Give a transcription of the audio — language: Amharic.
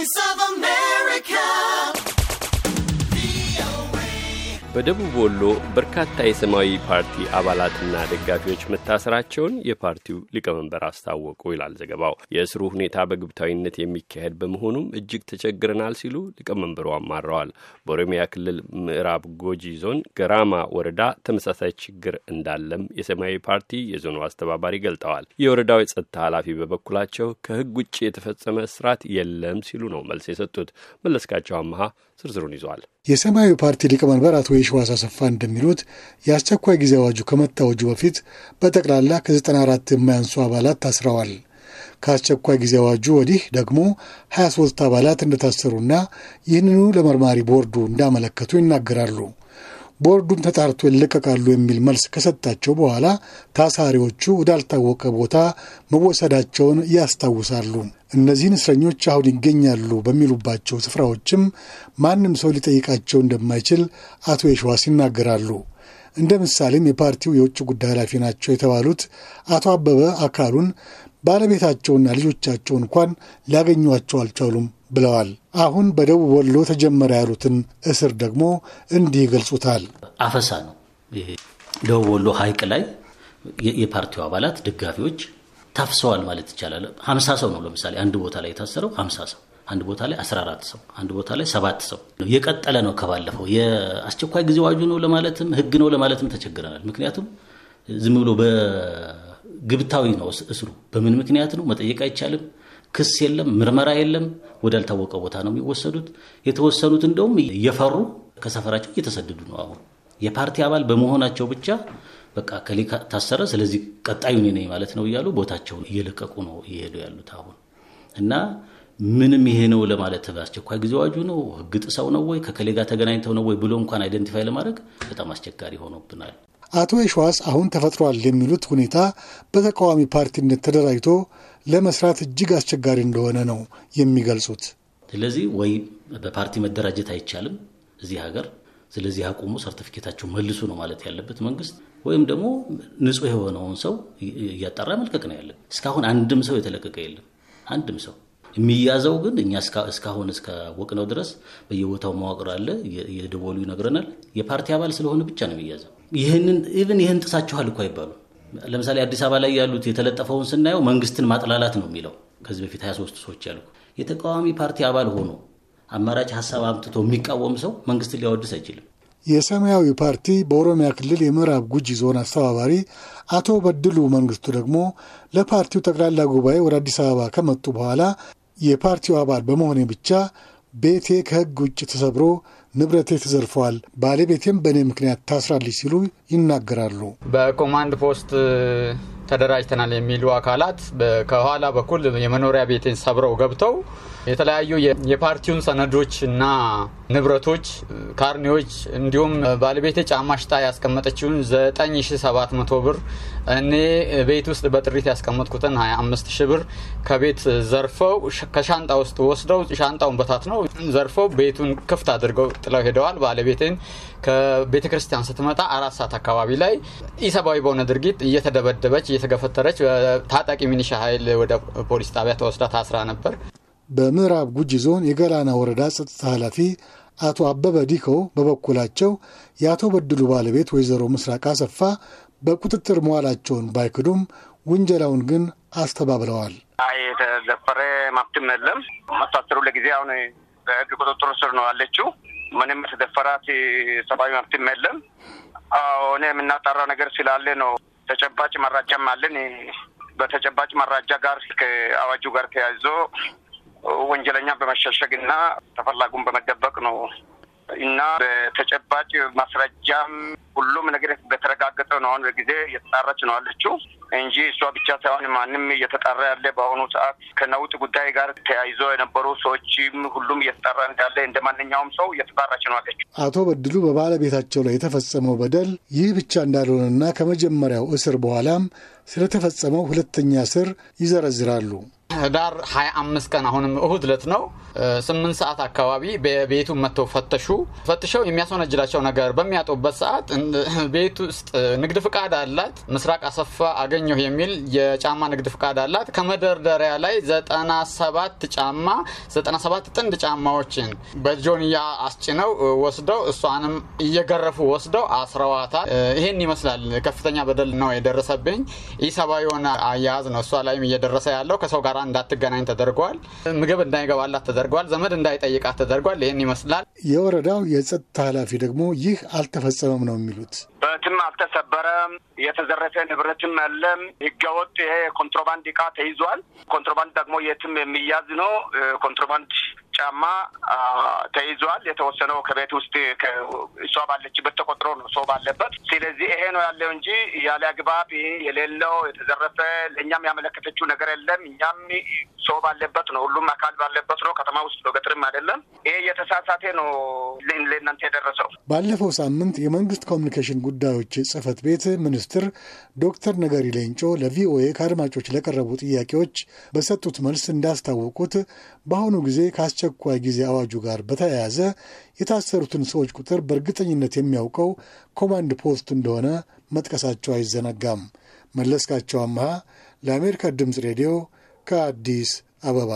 Voice of America. በደቡብ ወሎ በርካታ የሰማያዊ ፓርቲ አባላትና ደጋፊዎች መታሰራቸውን የፓርቲው ሊቀመንበር አስታወቁ ይላል ዘገባው። የእስሩ ሁኔታ በግብታዊነት የሚካሄድ በመሆኑም እጅግ ተቸግረናል ሲሉ ሊቀመንበሩ አማረዋል። በኦሮሚያ ክልል ምዕራብ ጎጂ ዞን ገራማ ወረዳ ተመሳሳይ ችግር እንዳለም የሰማያዊ ፓርቲ የዞኑ አስተባባሪ ገልጠዋል። የወረዳው የጸጥታ ኃላፊ በበኩላቸው ከህግ ውጭ የተፈጸመ እስራት የለም ሲሉ ነው መልስ የሰጡት። መለስካቸው አመሃ ዝርዝሩን ይዟል። የሰማያዊ ፓርቲ ሊቀመንበር አቶ የሸዋስ አሰፋ እንደሚሉት የአስቸኳይ ጊዜ አዋጁ ከመታወጁ በፊት በጠቅላላ ከ94 የማያንሱ አባላት ታስረዋል። ከአስቸኳይ ጊዜ አዋጁ ወዲህ ደግሞ 23 አባላት እንደታሰሩና ይህንኑ ለመርማሪ ቦርዱ እንዳመለከቱ ይናገራሉ። ቦርዱም ተጣርቶ ይለቀቃሉ የሚል መልስ ከሰጣቸው በኋላ ታሳሪዎቹ ወዳልታወቀ ቦታ መወሰዳቸውን ያስታውሳሉ። እነዚህን እስረኞች አሁን ይገኛሉ በሚሉባቸው ስፍራዎችም ማንም ሰው ሊጠይቃቸው እንደማይችል አቶ የሸዋስ ይናገራሉ። እንደ ምሳሌም የፓርቲው የውጭ ጉዳይ ኃላፊ ናቸው የተባሉት አቶ አበበ አካሉን ባለቤታቸውና ልጆቻቸው እንኳን ሊያገኟቸው አልቻሉም ብለዋል። አሁን በደቡብ ወሎ ተጀመረ ያሉትን እስር ደግሞ እንዲህ ይገልጹታል። አፈሳ ነው። ደቡብ ወሎ ሀይቅ ላይ የፓርቲው አባላት ደጋፊዎች ታፍሰዋል ማለት ይቻላል። ሀምሳ ሰው ነው ለምሳሌ አንድ ቦታ ላይ የታሰረው ሀምሳ ሰው አንድ ቦታ ላይ 14 ሰው አንድ ቦታ ላይ ሰባት ሰው የቀጠለ ነው። ከባለፈው የአስቸኳይ ጊዜ አዋጁ ነው ለማለትም ህግ ነው ለማለትም ተቸግረናል። ምክንያቱም ዝም ብሎ ግብታዊ ነው እስሩ። በምን ምክንያት ነው መጠየቅ አይቻልም። ክስ የለም፣ ምርመራ የለም። ወዳልታወቀ ቦታ ነው የሚወሰዱት። የተወሰኑት እንደውም እየፈሩ ከሰፈራቸው እየተሰደዱ ነው። አሁን የፓርቲ አባል በመሆናቸው ብቻ በቃ ከሌ ታሰረ፣ ስለዚህ ቀጣዩ እኔ ነኝ ማለት ነው እያሉ ቦታቸውን እየለቀቁ ነው እየሄዱ ያሉት አሁን እና ምንም ይሄ ነው ለማለት በአስቸኳይ ጊዜ አዋጁ ነው ህግ ጥሰው ነው ወይ ከከሌ ጋር ተገናኝተው ነው ወይ ብሎ እንኳን አይደንቲፋይ ለማድረግ በጣም አስቸጋሪ ሆኖብናል። አቶ የሸዋስ አሁን ተፈጥሯል የሚሉት ሁኔታ በተቃዋሚ ፓርቲነት ተደራጅቶ ለመስራት እጅግ አስቸጋሪ እንደሆነ ነው የሚገልጹት። ስለዚህ ወይ በፓርቲ መደራጀት አይቻልም እዚህ ሀገር ስለዚህ አቁሙ፣ ሰርቲፊኬታቸው መልሱ ነው ማለት ያለበት መንግስት፣ ወይም ደግሞ ንጹህ የሆነውን ሰው እያጣራ መልቀቅ ነው ያለን። እስካሁን አንድም ሰው የተለቀቀ የለም። አንድም ሰው የሚያዘው ግን እኛ እስካሁን እስካወቅነው ድረስ በየቦታው መዋቅር አለ፣ የደወሉ ይነግረናል። የፓርቲ አባል ስለሆነ ብቻ ነው የሚያዘው። ይህንን ኢቭን ይህን ጥሳችኋል እኮ አይባሉ። ለምሳሌ አዲስ አበባ ላይ ያሉት የተለጠፈውን ስናየው መንግስትን ማጥላላት ነው የሚለው። ከዚህ በፊት 23 ሰዎች ያልኩ የተቃዋሚ ፓርቲ አባል ሆኖ አማራጭ ሀሳብ አምጥቶ የሚቃወም ሰው መንግስትን ሊያወድስ አይችልም። የሰማያዊ ፓርቲ በኦሮሚያ ክልል የምዕራብ ጉጂ ዞን አስተባባሪ አቶ በድሉ መንግስቱ ደግሞ ለፓርቲው ጠቅላላ ጉባኤ ወደ አዲስ አበባ ከመጡ በኋላ የፓርቲው አባል በመሆኔ ብቻ ቤቴ ከሕግ ውጭ ተሰብሮ ንብረቴ ተዘርፈዋል፣ ባለቤቴም በእኔ ምክንያት ታስራለች ሲሉ ይናገራሉ። በኮማንድ ፖስት ተደራጅተናል የሚሉ አካላት ከኋላ በኩል የመኖሪያ ቤቴን ሰብረው ገብተው የተለያዩ የፓርቲውን ሰነዶች እና ንብረቶች፣ ካርኔዎች እንዲሁም ባለቤቴ ጫማ ሽጣ ያስቀመጠችውን 9700 ብር እኔ ቤት ውስጥ በጥሪት ያስቀመጥኩትን 25 ሺ ብር ከቤት ዘርፈው ከሻንጣ ውስጥ ወስደው ሻንጣውን በታት ነው ዘርፈው ቤቱን ክፍት አድርገው ጥለው ሄደዋል። ባለቤቴን ከቤተ ክርስቲያን ስትመጣ አራት ሰዓት አካባቢ ላይ ኢሰብአዊ በሆነ ድርጊት እየተደበደበች እየተገፈተረች ታጣቂ ሚኒሻ ኃይል ወደ ፖሊስ ጣቢያ ተወስዳ ታስራ ነበር። በምዕራብ ጉጂ ዞን የገላና ወረዳ ጸጥታ ኃላፊ አቶ አበበ ዲከው በበኩላቸው የአቶ በድሉ ባለቤት ወይዘሮ ምስራቅ አሰፋ በቁጥጥር መዋላቸውን ባይክዱም ውንጀላውን ግን አስተባብለዋል። የተዘፈረ መብትም የለም። መታሰሩ ለጊዜ አሁን በህግ ቁጥጥር ስር ነው ያለችው። ምንም የተደፈራት ሰብአዊ መብትም የለም። ሆነ የምናጣራው ነገር ስላለ ነው። ተጨባጭ መራጃም አለን። በተጨባጭ መራጃ ጋር ከአዋጁ ጋር ተያይዞ ወንጀለኛ በመሸሸግ እና ተፈላጉን በመደበቅ ነው እና በተጨባጭ ማስረጃም ሁሉም ነገር በተረጋገጠ ነው። አሁን ጊዜ እየተጣራች ነው አለችው እንጂ እሷ ብቻ ሳይሆን ማንም እየተጣራ ያለ በአሁኑ ሰዓት ከነውጥ ጉዳይ ጋር ተያይዞ የነበሩ ሰዎችም ሁሉም እየተጣራ እንዳለ እንደ ማንኛውም ሰው እየተጣራች ነው አለችው። አቶ በድሉ በባለቤታቸው ላይ የተፈጸመው በደል ይህ ብቻ እንዳልሆነና ከመጀመሪያው እስር በኋላም ስለተፈጸመው ሁለተኛ እስር ይዘረዝራሉ። ህዳር 25 ቀን አሁንም እሁድ ለት ነው ስምንት ሰዓት አካባቢ ቤቱ መጥተው ፈተሹ። ፈትሸው የሚያስወነጅላቸው ነገር በሚያጡበት ሰዓት ቤት ውስጥ ንግድ ፍቃድ አላት ምስራቅ አሰፋ አገኘሁ የሚል የጫማ ንግድ ፍቃድ አላት። ከመደርደሪያ ላይ 97 ጫማ 97 ጥንድ ጫማዎችን በጆንያ አስጭነው ወስደው እሷንም እየገረፉ ወስደው አስረዋታል። ይሄን ይመስላል። ከፍተኛ በደል ነው የደረሰብኝ። ኢሰባ የሆነ አያያዝ ነው እሷ ላይም እየደረሰ ያለው ከሰው ጋር እንዳትገናኝ ተደርጓል። ምግብ እንዳይገባላት ተደርጓል። ዘመድ እንዳይጠይቃት ተደርጓል። ይህን ይመስላል። የወረዳው የጸጥታ ኃላፊ ደግሞ ይህ አልተፈጸመም ነው የሚሉት። በትም አልተሰበረም፣ የተዘረፈ ንብረትም ያለም ህገወጥ ይሄ ኮንትሮባንድ እቃ ተይዟል። ኮንትሮባንድ ደግሞ የትም የሚያዝ ነው። ኮንትሮባንድ ጫማ ተይዟል። የተወሰነው ከቤት ውስጥ እሷ ባለችበት ተቆጥሮ ነው ሰው ባለበት። ስለዚህ ይሄ ነው ያለው እንጂ ያለ አግባብ የሌለው የተዘረፈ ለእኛም ያመለከተችው ነገር የለም። እኛም ሰው ባለበት ነው፣ ሁሉም አካል ባለበት ነው። ከተማ ውስጥ ነው፣ ገጠርም አይደለም። ይሄ የተሳሳቴ ነው ለእናንተ የደረሰው። ባለፈው ሳምንት የመንግስት ኮሚኒኬሽን ጉዳዮች ጽህፈት ቤት ሚኒስትር ዶክተር ነገሪ ሌንጮ ለቪኦኤ ከአድማጮች ለቀረቡ ጥያቄዎች በሰጡት መልስ እንዳስታወቁት በአሁኑ ጊዜ ከአስቸ ከአስቸኳይ ጊዜ አዋጁ ጋር በተያያዘ የታሰሩትን ሰዎች ቁጥር በእርግጠኝነት የሚያውቀው ኮማንድ ፖስት እንደሆነ መጥቀሳቸው አይዘነጋም። መለስካቸው አምሃ ለአሜሪካ ድምፅ ሬዲዮ ከአዲስ አበባ